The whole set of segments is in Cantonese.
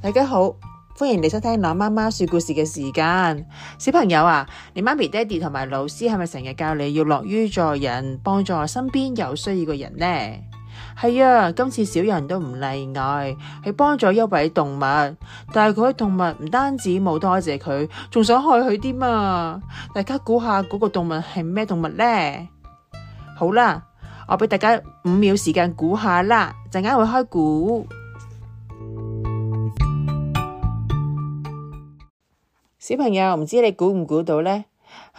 大家好，歡迎嚟收聽老媽媽說故事嘅時間。小朋友啊，你媽咪、爹哋同埋老師係咪成日教你要樂於助人，幫助身邊有需要嘅人呢？係啊，今次小人都唔例外，係幫助一位動物，但係佢動物唔單止冇多謝佢，仲想害佢添啊！大家估下嗰個動物係咩動物呢？好啦，我俾大家五秒時間估下啦，陣間會開估。小朋友，唔知你估唔估到呢？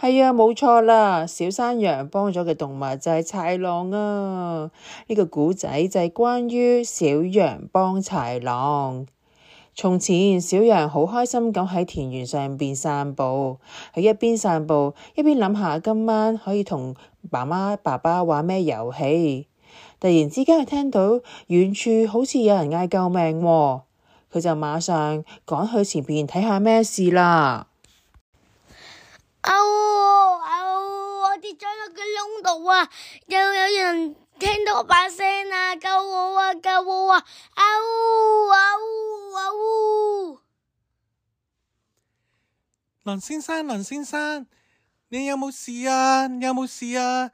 係啊，冇錯啦，小山羊幫咗嘅動物就係豺狼啊！呢個古仔就係關於小羊幫豺狼。從前，小羊好開心咁喺田園上邊散步，喺一邊散步一邊諗下今晚可以同媽媽爸爸玩咩遊戲。突然之間佢聽到遠處好似有人嗌救命啊。佢就馬上趕去前邊睇下咩事啦！啊嗚啊嗚，我跌咗落個窿度啊！又有人聽到我把聲啊！救我啊！救我啊！啊嗚啊嗚啊嗚！哦哦、林先生，林先生，你有冇事啊？你有冇事啊？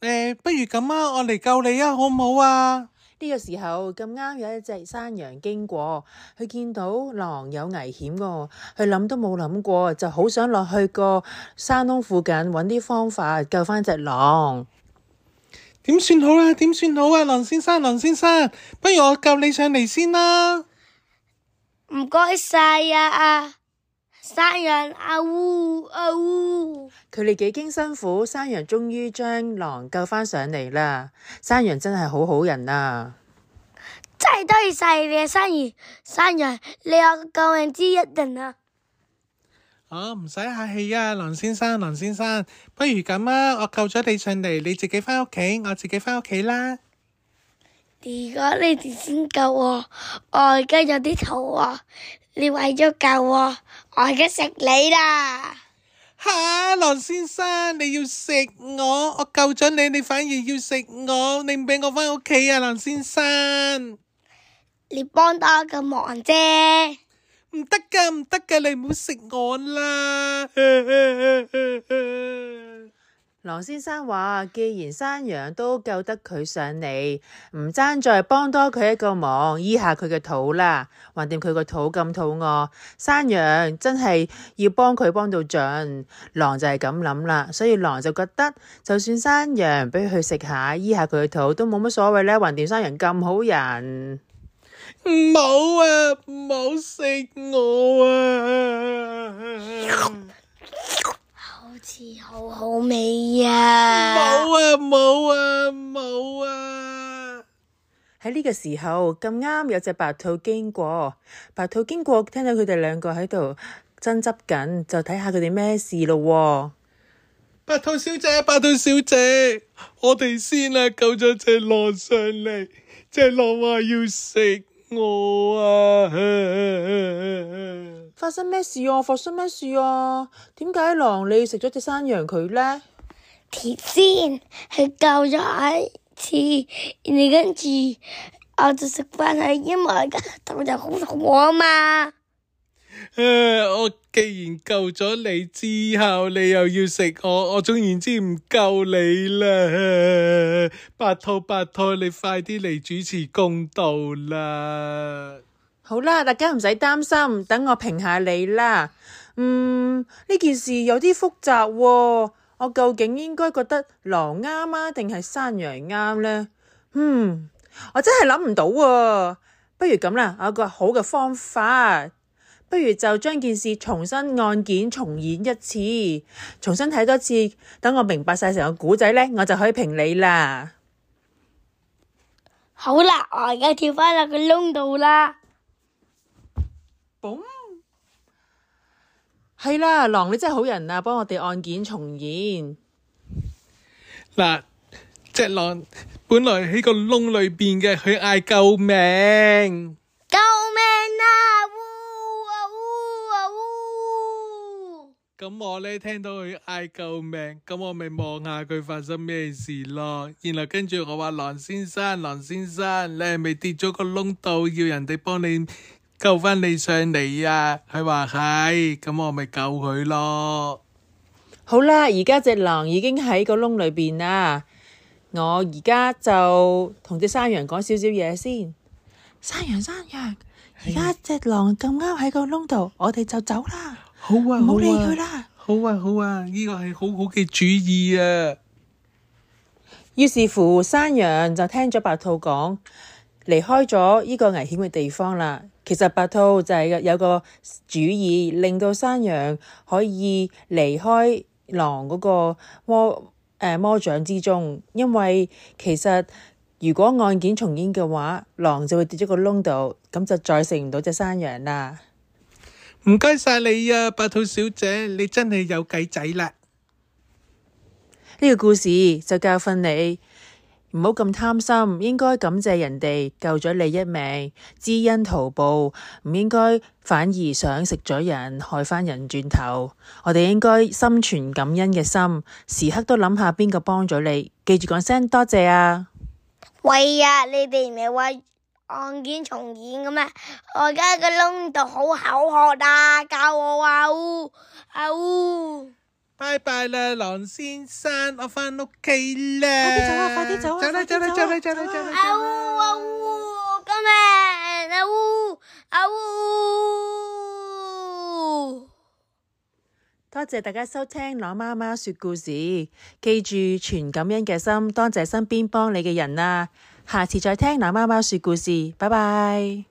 誒、呃，不如咁啊，我嚟救你啊，好唔好啊？呢個時候咁啱有一隻山羊經過，佢見到狼有危險嘅，佢諗都冇諗過，就好想落去個山窿附近搵啲方法救翻隻狼。點算好啊？點算好啊？狼、啊、先生，狼先生，不如我救你上嚟先啦。唔該晒啊！山羊啊嗚啊嗚，佢哋幾經辛苦，山羊終於將狼救翻上嚟啦！山羊真係好好人啊！真係多謝晒你啊，山羊山羊，你有救命之恩啊！啊、哦，唔使客氣啊，狼先生狼先生，不如咁啊，我救咗你上嚟，你自己翻屋企，我自己翻屋企啦。如果你哋先救我，我而家有啲肚餓，你為咗救我，我而家食你啦！吓，狼先生，你要食我，我救咗你，你反而要食我，你唔畀我翻屋企啊，狼先生！你幫多我個忙啫，唔得噶，唔得噶，你唔好食我啦。 狼先生話：既然山羊都救得佢上嚟，唔爭再幫多佢一個忙，醫下佢嘅肚啦。橫掂佢個肚咁肚餓，山羊真係要幫佢幫到盡。狼就係咁諗啦，所以狼就覺得，就算山羊俾佢去食下，醫下佢嘅肚，都冇乜所謂咧。橫掂山羊咁好人，唔好啊，唔好食我啊！好好味呀！冇啊冇啊冇啊！喺呢、啊啊啊、個時候咁啱有隻白兔經過，白兔經過聽到佢哋兩個喺度爭執緊，就睇下佢哋咩事咯、哦。白兔小姐，白兔小姐，我哋先啊！救咗隻狼上嚟，隻狼話要食我啊！ 發生咩事啊？發生咩事啊？點解狼你食咗隻山羊佢咧？鐵先係救咗我一次，你跟住，我就食返佢，因為個肚就好餓嘛？誒、啊，我既然救咗你之後，你又要食我，我總言之唔救你啦、啊。白兔白兔，你快啲嚟，主持公道啦！好啦，大家唔使擔心，等我評下你啦。嗯，呢件事有啲複雜喎，我究竟應該覺得狼啱啊，定係山羊啱呢？嗯，我真係諗唔到啊。不如咁啦，我有個好嘅方法，不如就將件事重新案件重演一次，重新睇多次，等我明白晒成個古仔呢，我就可以評你啦。好啦，我而家跳翻落個窿度啦。b o o 係啦，狼你真係好人啊！幫我哋案件重演。嗱，隻狼本來喺個窿裏邊嘅，佢嗌救命！救命啊！嗚啊嗚啊嗚！咁、嗯、我呢，聽到佢嗌救命，咁、嗯、我咪望下佢發生咩事咯。然後跟住我話：狼先生，狼先生，你係咪跌咗個窿度，要人哋幫你？救返你上嚟啊！佢話係，咁、哎、我咪救佢咯。好啦，而家隻狼已經喺個窿裏邊啦，我而家就同隻山羊講少少嘢先山羊山羊，而家隻狼咁啱喺個窿度，我哋就走啦的、啊。好啊，好啊，唔好理佢啦。好啊，這個、好啊，呢個係好好嘅主意啊。於是乎，山羊就聽咗白兔講。離開咗呢個危險嘅地方啦，其實白兔就係有個主意，令到山羊可以離開狼嗰個魔誒、呃、魔掌之中，因為其實如果案件重演嘅話，狼就會跌咗個窿度，咁就再食唔到隻山羊啦。唔該晒你啊，白兔小姐，你真係有計仔啦。呢個故事就教訓你。唔好咁貪心，應該感謝人哋救咗你一命，知恩圖報，唔應該反而想食咗人害翻人轉頭。我哋應該心存感恩嘅心，時刻都諗下邊個幫咗你，記住講聲多謝啊！喂呀，你哋唔係話案件重演嘅咩？我而家個窿度好口渴啊，教我啊嗚啊嗚！拜拜啦，狼先生，我翻屋企啦。快啲走啊！快啲走啊！走啦，走啦，走啦，走啦，走啦、啊。啊嗚啊嗚，啊啊啊，多謝大家收聽《懶媽媽說故事》，記住全感恩嘅心，多謝身邊幫你嘅人啊！下次再聽《懶媽媽說故事》，拜拜。